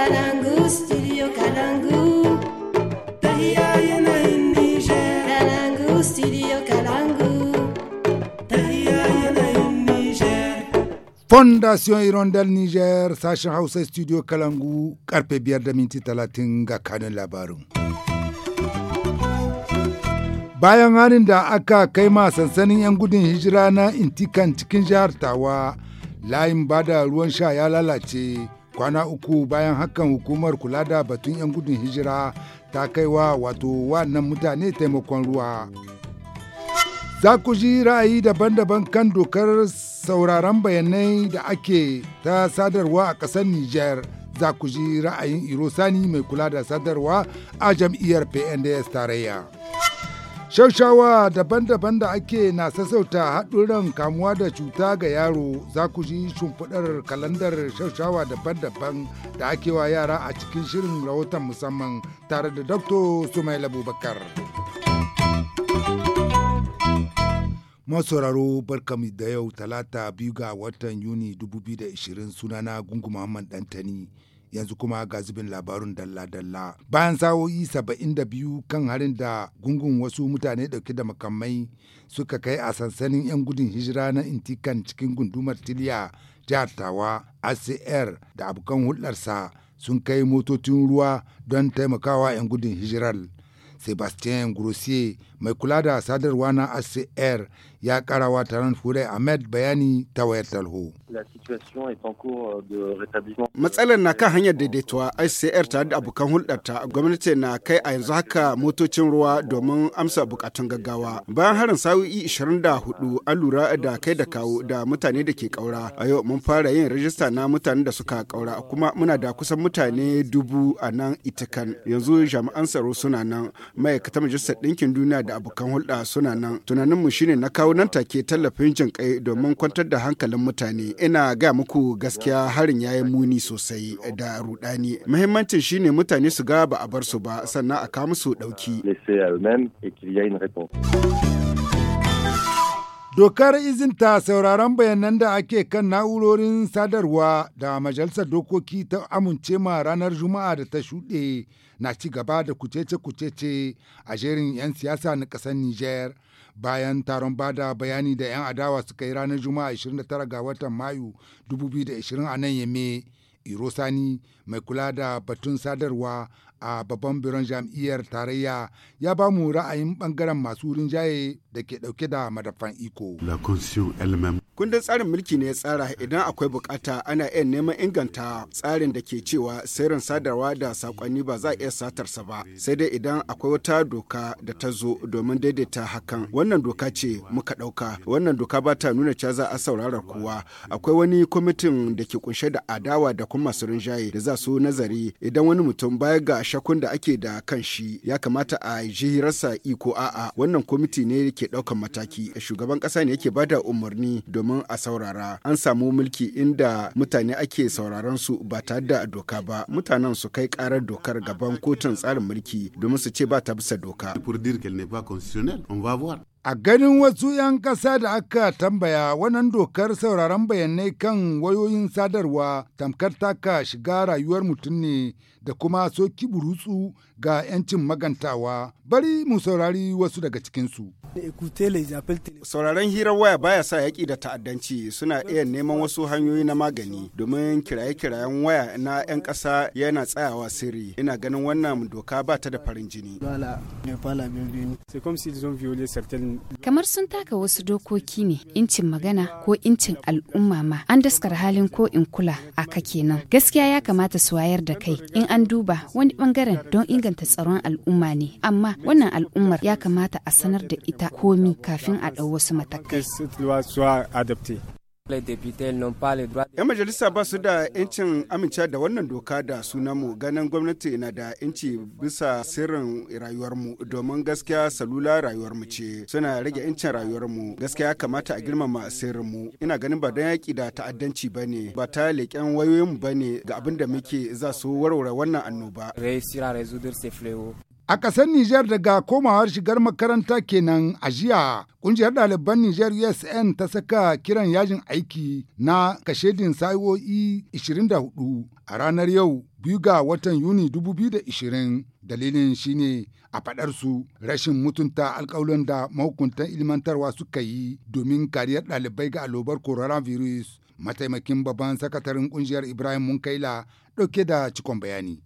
Kalangu, studio Fondation Irondel Niger sashen Hausa studio Kalangu, karfe biyar da minti talatin ga kanin labarin. Bayan harin da aka kai ma sansanin 'yan gudun hijira na intikan cikin jihar Tawa, layin bada ruwan sha ya lalace. kwana uku bayan hakan hukumar kula da batun 'yan gudun hijira ta kaiwa wato wannan mutane taimakon ruwa za ku ji ra'ayi daban-daban kan dokar sauraron bayanai da ake ta sadarwa a ƙasar niger za ku ji ra'ayin iro sani mai kula da sadarwa a jam'iyyar pnds tarayya Shaushawa daban-daban da ake na sassauta haɗuran kamuwa da cuta ga yaro za ku ji shimfiɗar kalandar shaushawa daban-daban da ake wa yara a cikin shirin rahoton musamman tare da Dr. Sumaila Abubakar. masauraro barkami da yau talata biyu ga watan yuni 2020 sunana gungu muhammad dantani yanzu kuma ga zubin labarun dalla-dalla. Bayan sa'o'i saba'in da biyu kan harin da gungun wasu mutane dauke da makamai suka kai a sansanin 'yan gudun hijira na Intikan cikin gundumar Tiliya jihar Tawa, ACR da abokan hulɗarsa sun kai motocin ruwa don taimakawa 'yan gudun hijirar. Sebastien Grossier mai kula da sadarwa na ACR ya karawa taron turai Ahmed bayani ta wayar talho. Matsalar na kan hanyar daidaituwa ICR tare da abokan hulɗarta gwamnati na kai a yanzu haka motocin ruwa domin amsa bukatun gaggawa. Bayan harin sa'o'i 24 an lura da kai da kawo da mutane da ke kaura. A yau mun fara yin rajista na mutanen da suka kaura kuma muna da kusan mutane dubu a nan itakan. Yanzu jami'an tsaro suna nan ma'aikatan majalisar ɗinkin duniya da abokan hulɗa suna nan. tunanin Tunaninmu shine na kawo kawo nan take tallafin jin kai domin kwantar da hankalin mutane ina gaya muku gaskiya harin ya yi muni sosai da rudani muhimmancin shine mutane su ga ba a bar su ba sannan a kawo musu dauki Dokar izinta sauraron bayanan da ake kan na'urorin sadarwa da Majalisar Dokoki ta amince ma ranar Juma'a da ta shuɗe na ci gaba da kucece-kucece a jerin 'yan siyasa na ƙasar Nijar. bayan taron bada bayani da 'yan adawa suka yi ranar juma'a 29 ga watan mayu 2020 a nan yame irosani mai kula da batun sadarwa a babban biron jam'iyyar tarayya ya ba mu ra'ayin bangaren masu rinjaye da ke dauke da madafan iko. Kundin tsarin mulki ne ya tsara idan akwai bukata ana iya neman inganta tsarin da ke cewa sirrin sadarwa da sakonni ba za a iya satarsa ba sai dai idan akwai wata doka da ta zo domin daidaita hakan wannan doka ce muka dauka wannan doka ba ta nuna cewa za a saurara kowa akwai wani kwamitin da ke kunshe da adawa da kuma masu rinjaye da za su nazari idan wani mutum baya ga shakun da ake da kan shi ya kamata a jihirarsa iko a'a wannan kwamiti ne ke daukan mataki shugaban kasa ne yake bada umarni domin a saurara an samu mulki inda mutane ake sauraron su ba tare da doka ba mutanen su kai karar dokar gaban kotun tsarin mulki domin su ce ba ta bisa doka. A ganin wasu 'yan ƙasa da aka tambaya wannan dokar sauraron bayanai kan wayoyin sadarwa tamkar taka shiga rayuwar mutum ne da kuma soki burutsu ga 'yancin magantawa. Bari mu saurari wasu daga cikinsu. Sauraron hirar waya baya sa yaƙi da ta'addanci suna iya neman wasu hanyoyi na magani domin kiraye-kirayen waya na 'yan ƙasa yana tsayawa sirri. Ina ganin wannan doka ba ta da farin jini. Kamar sun taka wasu dokoki ne, incin magana ko incin al'umma ma an daskar halin ko in kula a ka kenan. Gaskiya ya kamata su wayar da kai in an duba wani bangaren don inganta tsaron al'umma ne, amma wannan al'ummar ya kamata a sanar da ita komi kafin a dau wasu matakai. 'Yan majalisa ba su da 'yancin amince da wannan doka da sunanmu ganin gwamnati na da 'yanci bisa sirrin rayuwarmu domin gaskiya salula rayuwarmu ce suna rage 'yancin rayuwarmu gaskiya kamata a girmama sirrinmu ina ganin ba don yaƙi da ta'addanci ba ne ba ta leƙen wayoyinmu ba ne ga abin da muke za su warware wannan annoba. A ƙasar Nijar daga komawar shigar makaranta kenan a jiya, ƙungiyar ɗaliban Nijar USN ta saka kiran yajin aiki na kashedin sa'o'i 24 a ranar yau biyu ga watan Yuni 2020. Dalilin shine a faɗar su rashin mutunta alƙawalin da mahukuntan ilmantarwa suka yi domin kariyar ɗalibai ga alobar coronavirus. Mataimakin babban sakataren ƙungiyar Ibrahim Munkaila ɗauke da cikon bayani.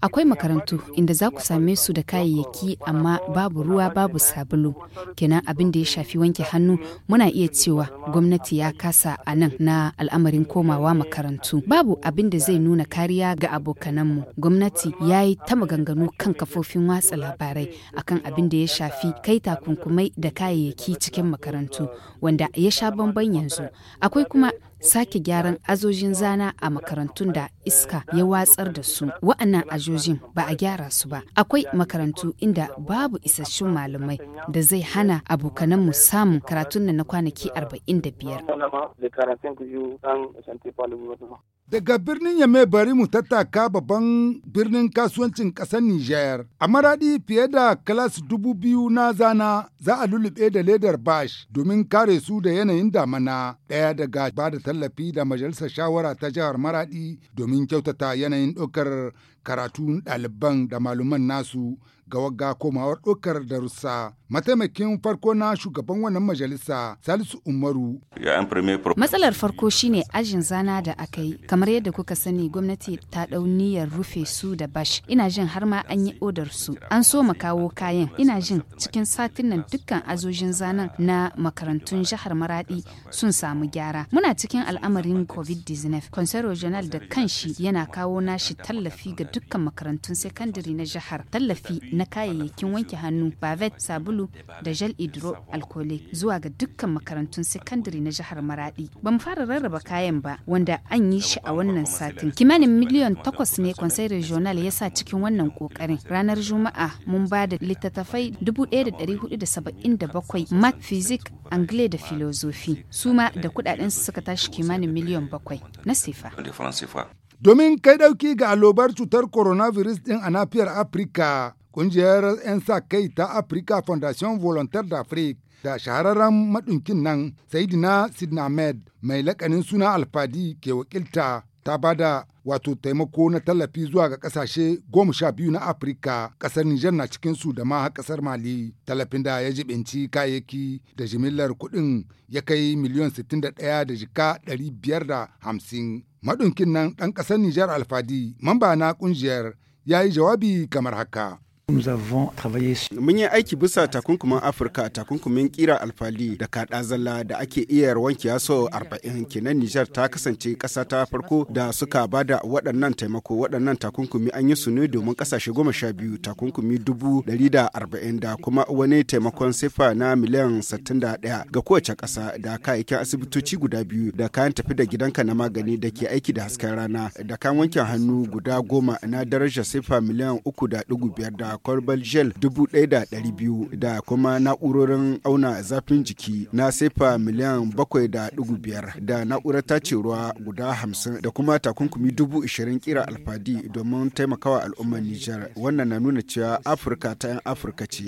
Akwai makarantu inda za ku same su da kayayyaki amma babu ruwa babu sabulu. Kenan abin da ya shafi wanke hannu muna iya cewa gwamnati ya kasa a nan na al'amarin komawa makarantu. Babu abin da zai nuna kariya ga abokananmu. Gwamnati ya yi ta maganganu kan kafofin watsa labarai akan abin da ya shafi kai takunkumai da kayayyaki cikin makarantu wanda ya sha bamban yanzu. Akwai kuma sake gyaran azojin zana a makarantun da iska ya watsar da su wa'annan ajojin ba a gyara su ba akwai makarantu inda babu isassun malamai da zai hana abokananmu samun karatun na kwanaki 45 Daga birnin Yame bari mu tattaka babban birnin kasuwancin ƙasar Nijar. A maraɗi fiye da kalas dubu biyu na zana za a lulluɓe da ledar bash domin kare su da yanayin damana. Ɗaya daga ba da tallafi da majalisar shawara ta jihar maraɗi domin kyautata yanayin ɗaukar karatun ɗaliban da maluman nasu ga wagga komawar ɗaukar darussa. Mataimakin farko na shugaban wannan majalisa Salisu Umaru. Matsalar farko shine ajin zana da aka yi. Kamar yadda kuka sani gwamnati ta ɗau niyyar rufe su da bash. Ina jin har ma an yi odar su. An so mu kawo kayan. Ina jin cikin satin nan dukkan azojin zanen na makarantun jihar Maradi sun samu gyara. Muna cikin al'amarin COVID-19. Conseil Regional da kanshi yana kawo nashi tallafi ga dukkan makarantun sakandare na jihar. Tallafi na kayayyakin wanke hannu, bavet, sabulu, sabulu da gel hydroalcoholic zuwa ga dukkan makarantun sakandare na jihar Maradi. Ba mu fara rarraba kayan ba wanda an yi shi a wannan satin. Kimanin miliyan takwas ne Conseil Regional ya sa cikin wannan kokarin. Ranar Juma'a mun ba da littattafai 1477 math physics angle da filozofi su ma da kudaden su suka tashi kimanin miliyan bakwai na sifa. domin kai ɗauki ga allobar cutar coronavirus ɗin a nafiyar afirka Ƙungiyar 'yan sa-kai ta Africa Foundation Volontaire d'Afrique da shahararren maɗinkin nan Saidina Sidna Ahmed, mai lakanin suna Alfadi ke wakilta ta bada wato taimako na tallafi zuwa ga kasashe goma sha biyu na afirka kasar nijar na su da ma kasar mali tallafin da ya jibinci kayayyaki da jimillar kuɗin ya kai miliyon 61 da jika 550 maɗunkin nan ɗan ƙasar nijar alfadi mamba na ƙungiyar ya yi jawabi kamar haka mun yi aiki bisa takunkumin afirka takunkumin kira alfali da kaɗa zalla da ake iya wankiya so arba'in kenan nijar ta kasance ƙasa ta farko da suka bada waɗannan taimako waɗannan takunkumi an yi su ne domin ƙasashe goma sha biyu takunkumi dubu ɗari da arba'in da kuma wani taimakon sifa na miliyan sittin da ɗaya ga kowace ƙasa da kayayyakin asibitoci guda biyu da kayan tafi da gidanka na magani da ke aiki da hasken rana da kayan wankin hannu guda goma na darajar sifa miliyan uku da ɗigo biyar da kwalbal gel 1,200 da kuma na'urorin auna zafin jiki na sefa miliyan 7.5 da na'urar tace ruwa guda 50 da kuma takunkumi 20,000 kira alfadi domin taimakawa al'ummar Nijar. Wannan na nuna cewa Afirka ta 'yan Afirka ce.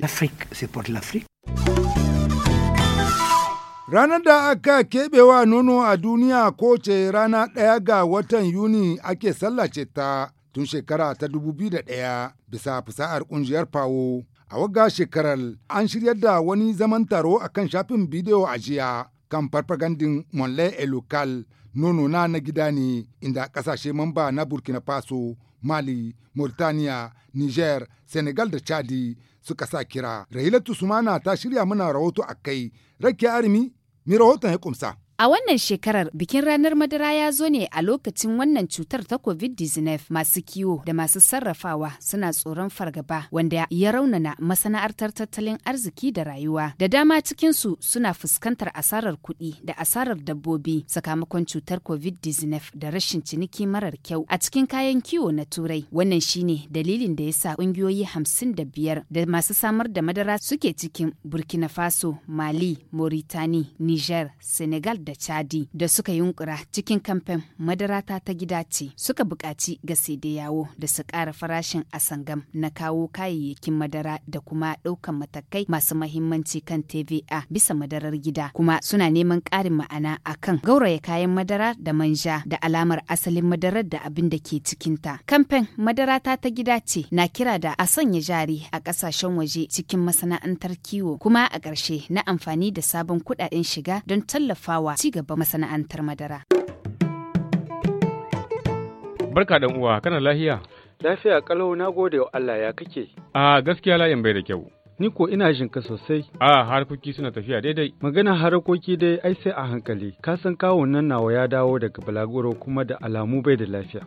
Ranar da aka keɓewa nono a duniya ko ce rana ɗaya ga watan Yuni ake sallace ta tun shekara ta dubu biyu da ɗaya bisa fasahar kungiyar fawo a waga shekarar an shiryar da wani zaman taro a kan shafin bidiyo a jiya kan farfagandin monle e local nono na na gida ne inda kasashe mamba na burkina faso mali mauritania niger senegal da chadi suka sa kira rahilatu sumana ta shirya mana rahoto a kai rakiya armi mi rahoton ya kumsa A wannan shekarar bikin ranar madara ya zo ne a lokacin wannan cutar ta COVID-19 masu kiwo da masu sarrafawa suna tsoron fargaba wanda ya raunana masana'artar tattalin arziki da rayuwa. Da dama cikinsu suna fuskantar asarar kuɗi da asarar dabbobi sakamakon cutar COVID-19 da rashin ciniki marar kyau a cikin kayan kiwo na Turai. Wannan shine dalilin da ya sa ƙungiyoyi hamsin da biyar da masu samar da madara suke cikin Burkina Faso, Mali, Mauritani, Niger, Senegal da Chadi da suka yunkura cikin kamfen madarata ta gida ce suka buƙaci ga da yawo da su ƙara farashin asangam na kawo kayayyakin madara da kuma ɗaukan matakai masu mahimmanci kan TVA bisa madarar gida kuma suna neman ƙarin ma'ana a kan gauraya kayan madara da manja da alamar asalin madarar da abin da ke cikinta. Kamfen madarata ta gida ce na kira da a sanya jari a ƙasashen waje cikin masana'antar kiwo kuma a ƙarshe na amfani da sabon kuɗaɗen shiga don tallafawa A ci gaba masana'antar madara. Barka dan uwa kana lafiya? Lafiya kalau na gode wa Allah ya kake. A gaskiya layin bai da kyau. Ni ko ina jin ka sosai. A harkoki suna tafiya daidai. Magana harkoki dai ai sai a hankali. Ka san kawo nan nawa ya dawo daga balagoro kuma da alamu bai da lafiya.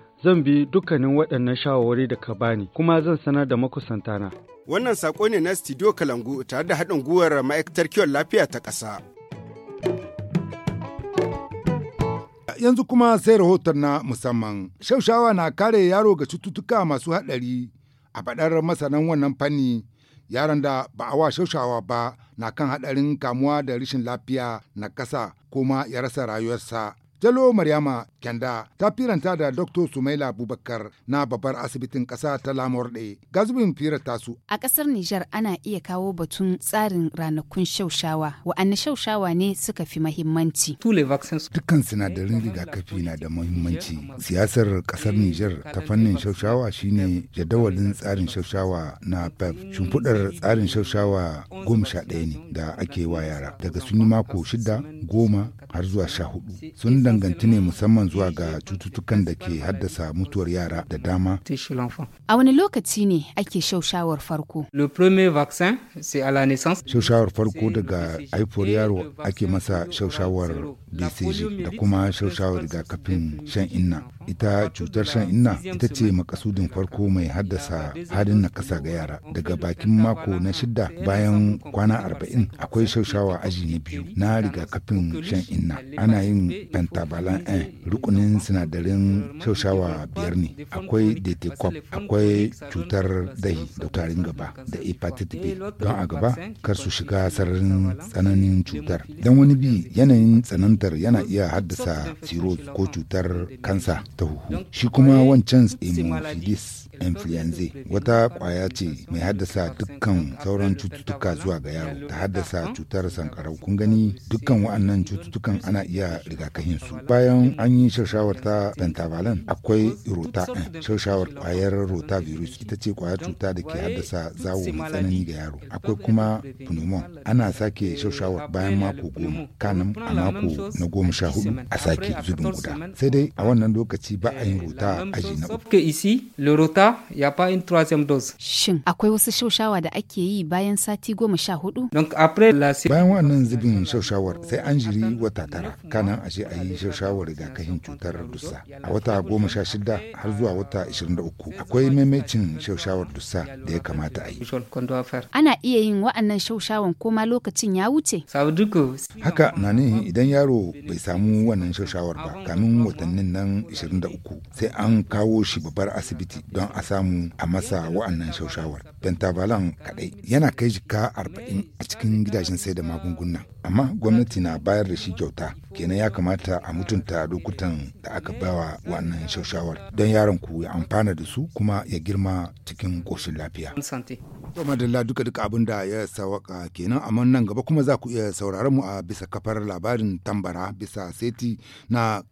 zan bi dukkanin waɗannan shawarwari da ka bani kuma zan sanar da makusantana. Wannan saƙo ne na Studio Kalangu tare da haɗin gwiwar ma'aikatar kiwon lafiya ta ƙasa. Yanzu kuma sai rahoton na musamman. Shaushawa na kare yaro ga cututtuka masu haɗari a faɗar masanan wannan fanni. Yaron da ba a wa shaushawa ba na kan haɗarin kamuwa da rashin lafiya na ƙasa ko ma ya rasa rayuwarsa. Jalo Maryama Kyanda ta firanta da Dr. Sumaila Abubakar na babbar asibitin ƙasa ta Lamurde. Gazubin firanta su. A ƙasar Nijar ana iya kawo batun tsarin ranakun shaushawa. Wa'anne shaushawa ne suka fi mahimmanci? Dukkan sinadarin rigakafi na da mahimmanci. Siyasar ƙasar Nijar ta fannin shaushawa shine jadawalin tsarin shaushawa na PEP. Shimfiɗar tsarin shaushawa goma sha ɗaya ne da ake wa yara. Daga sun yi mako shida, goma har zuwa sha hudu. Sun danganci ne musamman zuwa ga cututtukan da ke haddasa mutuwar yara da dama. A wani lokaci ne ake shaushawar farko? le vaccin c'est la naissance. Shaushawar farko daga haifuwar yaro ake masa shaushawar BCG da kuma shaushawar rigakafin shan inna. ita cutar shan inna ita ce makasudin farko mai haddasa halin na kasa ga yara daga bakin mako na shidda, bayan kwana arba'in akwai shaushawa aji na biyu na rigakafin shan inna ana yin pentabalan n rukunin sinadarin shaushawa biyar ne akwai detekop akwai cutar dahi da tarin gaba da hepatitis b don a gaba kar su shiga sararin tsananin cutar don wani bi yanayin tsanantar yana iya haddasa siro ko cutar kansa ta huhu shi kuma wancan tsimu filis influenza wata kwaya ce mai haddasa dukkan sauran cututtuka zuwa ga yaro ta haddasa cutar sankarau kun gani dukkan wa'annan cututtukan ana iya rigakafin su bayan an yi shirshawar ta pentavalent akwai rota shirshawar kwayar rota virus ita ce kwaya cuta da ke haddasa zawo mai tsanani ga yaro akwai kuma pneumo ana sake shirshawar bayan mako goma kanan a mako na goma sha hudu a sake zubin guda sai dai a wannan lokaci ba a yin rota aji na uku. haka ya fa'in troisième dose. Shin akwai wasu shaushawa da ake yi bayan sati goma sha hudu? Don après la Bayan wannan zubin shaushawar sai an jiri wata tara kanan a ce a yi shaushawar rigakafin cutar dusa. A wata goma sha shida har zuwa wata ishirin da uku akwai maimacin shaushawar dusa da ya kamata a yi. Ana iya yin wa'annan shaushawan ko ma lokacin ya wuce? Haka na ne idan yaro bai samu wannan shaushawar ba kamin watannin nan 23 sai an kawo shi babbar asibiti don a samu a masa wa'annan don tabalan kadai yana kai jika arba'in a cikin gidajen sai da magunguna amma gwamnati na bayar da shi kyauta kenan ya kamata a mutunta lokutan da aka bawa wa'annan shaushawar don yaron ku ya amfana da su kuma ya girma cikin ƙoshin lafiya to madalla duka duka abin da ya sawaka kenan amma nan gaba kuma za ku iya sauraron mu a bisa kafar labarin tambara bisa seti na